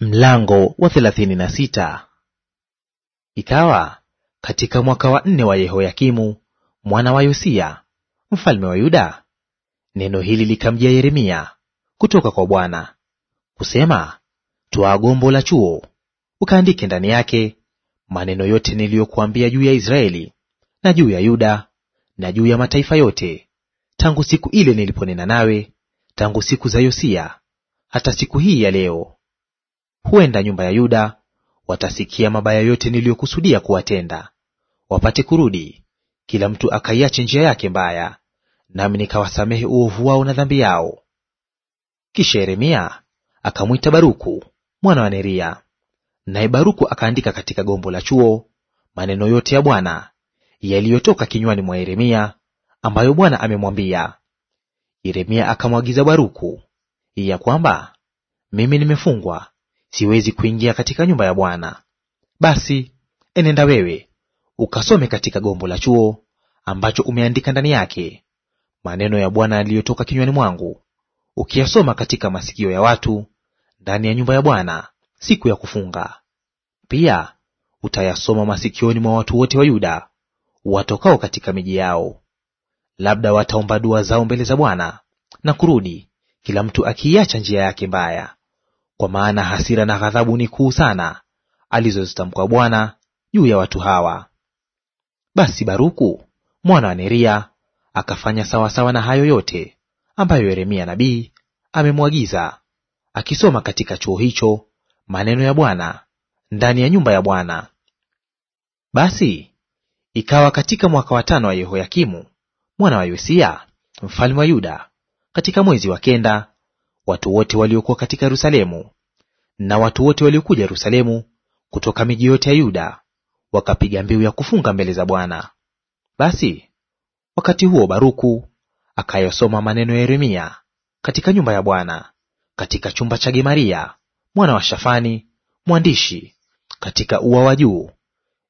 Mlango wa thelathini na sita. Ikawa katika mwaka wa nne wa Yehoyakimu mwana wa Yosia mfalme wa Yuda, neno hili likamjia Yeremia kutoka kwa Bwana kusema, twaa gombo la chuo ukaandike ndani yake maneno yote niliyokuambia juu ya Israeli na juu ya Yuda na juu ya mataifa yote, tangu siku ile niliponena nawe, tangu siku za Yosia hata siku hii ya leo huenda nyumba ya Yuda watasikia mabaya yote niliyokusudia kuwatenda, wapate kurudi, kila mtu akaiache njia yake mbaya, nami nikawasamehe uovu wao na dhambi yao. Kisha Yeremia akamwita Baruku mwana wa Neria, naye Baruku akaandika katika gombo la chuo maneno yote ya Bwana yaliyotoka kinywani mwa Yeremia, ambayo Bwana amemwambia. Yeremia akamwagiza Baruku ya kwamba mimi nimefungwa siwezi kuingia katika nyumba ya Bwana. Basi enenda wewe ukasome katika gombo la chuo ambacho umeandika ndani yake maneno ya Bwana yaliyotoka kinywani mwangu, ukiyasoma katika masikio ya watu ndani ya nyumba ya Bwana siku ya kufunga. Pia utayasoma masikioni mwa watu wote wa Yuda watokao katika miji yao. Labda wataomba dua zao mbele za Bwana na kurudi, kila mtu akiiacha njia yake mbaya kwa maana hasira na ghadhabu ni kuu sana alizozitamka Bwana juu ya watu hawa. Basi Baruku mwana wa Neria akafanya sawasawa na hayo yote ambayo Yeremia nabii amemwagiza, akisoma katika chuo hicho maneno ya Bwana ndani ya nyumba ya Bwana. Basi ikawa katika mwaka wa tano wa Yehoyakimu mwana wa Yosia mfalme wa Yuda, katika mwezi wa kenda, watu wote waliokuwa katika Yerusalemu na watu wote waliokuja Yerusalemu kutoka miji yote ya Yuda wakapiga mbiu ya kufunga mbele za Bwana. Basi wakati huo Baruku akayosoma maneno ya Yeremia katika nyumba ya Bwana, katika chumba cha Gemaria mwana wa Shafani mwandishi, katika ua wa juu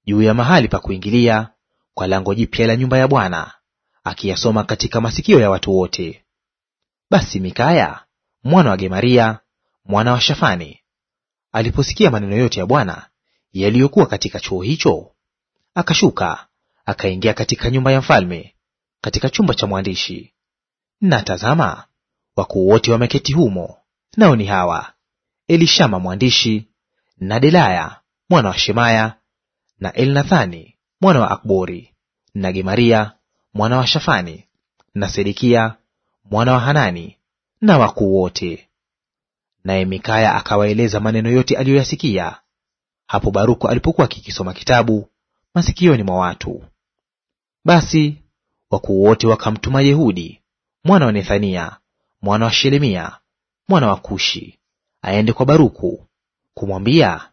juu ya mahali pa kuingilia kwa lango jipya la nyumba ya Bwana, akiyasoma katika masikio ya watu wote. Basi Mikaya mwana wa Gemaria mwana wa Shafani, aliposikia maneno yote ya Bwana yaliyokuwa katika chuo hicho, akashuka akaingia katika nyumba ya mfalme katika chumba cha mwandishi. Na tazama, wakuu wote wameketi humo, nao ni hawa: Elishama mwandishi na Delaya mwana wa Shemaya na Elnathani mwana wa Akbori na Gemaria mwana wa Shafani na Sedekia mwana wa Hanani na wakuu wote. Naye Mikaya akawaeleza maneno yote aliyoyasikia hapo Baruku alipokuwa akikisoma kitabu masikioni mwa watu. Basi wakuu wote wakamtuma Yehudi mwana wa Nethania mwana wa Shelemia mwana wa Kushi aende kwa Baruku kumwambia,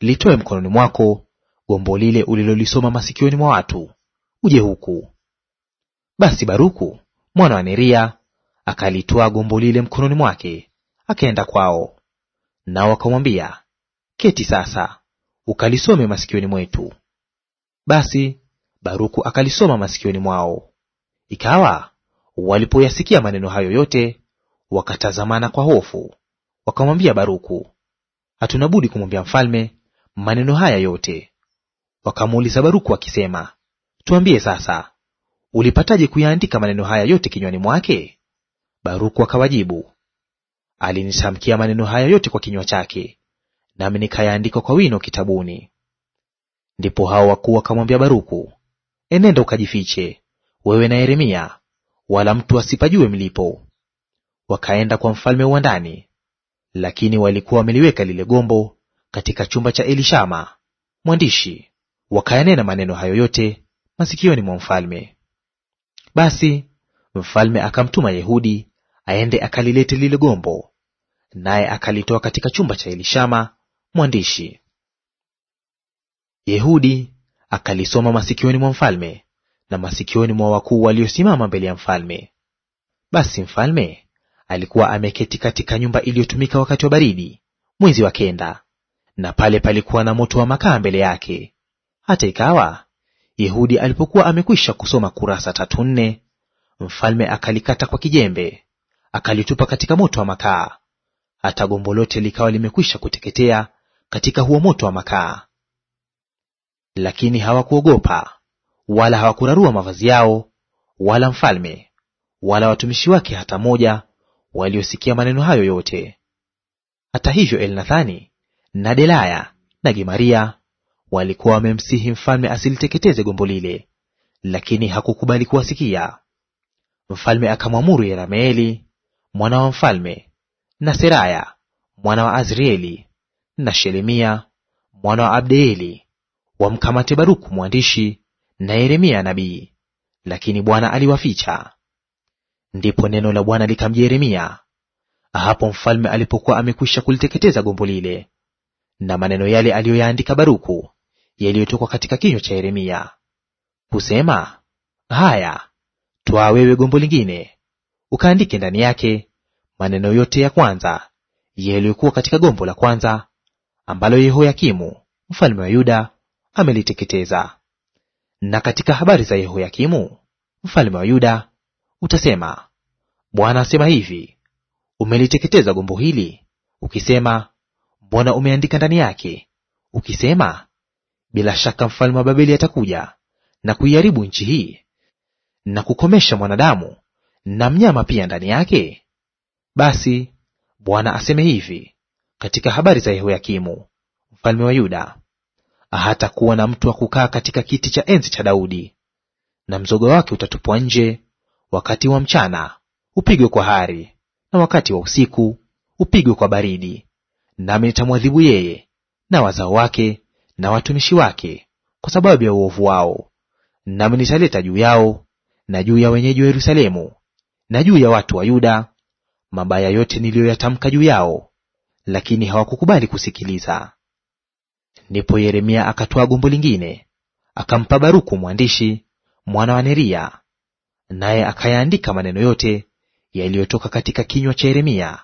litoe mkononi mwako gombo lile ulilolisoma masikioni mwa watu, uje huku. Basi Baruku mwana wa Neria akalitwaa gombo lile mkononi mwake, akaenda kwao. Nao akamwambia, keti sasa, ukalisome masikioni mwetu. Basi Baruku akalisoma masikioni mwao. Ikawa walipoyasikia maneno hayo yote, wakatazamana kwa hofu, wakamwambia Baruku, hatuna budi kumwambia mfalme maneno haya yote. Wakamuuliza Baruku akisema tuambie sasa, ulipataje kuyaandika maneno haya yote kinywani mwake? Baruku akawajibu, alinitamkia maneno haya yote kwa kinywa chake, nami nikayaandika kwa wino kitabuni. Ndipo hao wakuu wakamwambia Baruku, enenda ukajifiche wewe na Yeremia, wala mtu asipajue mlipo. Wakaenda kwa mfalme uwandani, lakini walikuwa wameliweka lile gombo katika chumba cha Elishama mwandishi, wakayanena maneno hayo yote masikioni mwa mfalme. Basi mfalme akamtuma Yehudi aende akalilete lile gombo, naye akalitoa katika chumba cha Elishama mwandishi. Yehudi akalisoma masikioni mwa mfalme na masikioni mwa wakuu waliosimama mbele ya mfalme. Basi mfalme alikuwa ameketi katika nyumba iliyotumika wakati wa baridi, mwezi wa kenda, na pale palikuwa na moto wa makaa mbele yake. Hata ikawa Yehudi alipokuwa amekwisha kusoma kurasa tatu nne, mfalme akalikata kwa kijembe, akalitupa katika moto wa makaa, hata gombo lote likawa limekwisha kuteketea katika huo moto wa makaa. Lakini hawakuogopa wala hawakurarua mavazi yao, wala mfalme wala watumishi wake hata moja, waliosikia maneno hayo yote. Hata hivyo, Elnathani na Delaya na Gemaria walikuwa wamemsihi mfalme asiliteketeze gombo lile, lakini hakukubali kuwasikia. Mfalme akamwamuru Yerameeli mwana wa mfalme, na Seraya mwana wa Azrieli, na Shelemia mwana wa Abdeeli, wamkamate Baruku mwandishi na Yeremia nabii, lakini Bwana aliwaficha. Ndipo neno la Bwana likamjia Yeremia hapo mfalme alipokuwa amekwisha kuliteketeza gombo lile, na maneno yale aliyoyaandika Baruku yaliyotoka katika kinywa cha Yeremia kusema, haya twaa wewe gombo lingine ukaandike ndani yake maneno yote ya kwanza yaliyokuwa katika gombo la kwanza ambalo Yehoyakimu mfalme wa Yuda ameliteketeza. Na katika habari za Yehoyakimu mfalme wa Yuda utasema, Bwana asema hivi, umeliteketeza gombo hili ukisema, mbona umeandika ndani yake ukisema, bila shaka mfalme wa Babeli atakuja na kuiharibu nchi hii na kukomesha mwanadamu na mnyama pia ndani yake? Basi Bwana aseme hivi katika habari za Yehoyakimu mfalme wa Yuda, hata kuwa na mtu wa kukaa katika kiti cha enzi cha Daudi, na mzoga wake utatupwa nje wakati wa mchana upigwe kwa hari, na wakati wa usiku upigwe kwa baridi. Nami nitamwadhibu yeye na wazao wake na watumishi wake kwa sababu ya uovu wao, nami nitaleta juu yao na juu ya wenyeji wa Yerusalemu na juu ya watu wa Yuda mabaya yote niliyoyatamka juu yao, lakini hawakukubali kusikiliza. Ndipo Yeremia akatoa gombo lingine, akampa Baruku mwandishi, mwana wa Neria, naye akayaandika maneno yote yaliyotoka katika kinywa cha Yeremia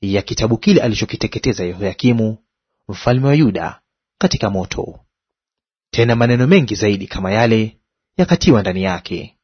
ya kitabu kile alichokiteketeza Yehoyakimu mfalme wa Yuda katika moto. Tena maneno mengi zaidi kama yale yakatiwa ndani yake.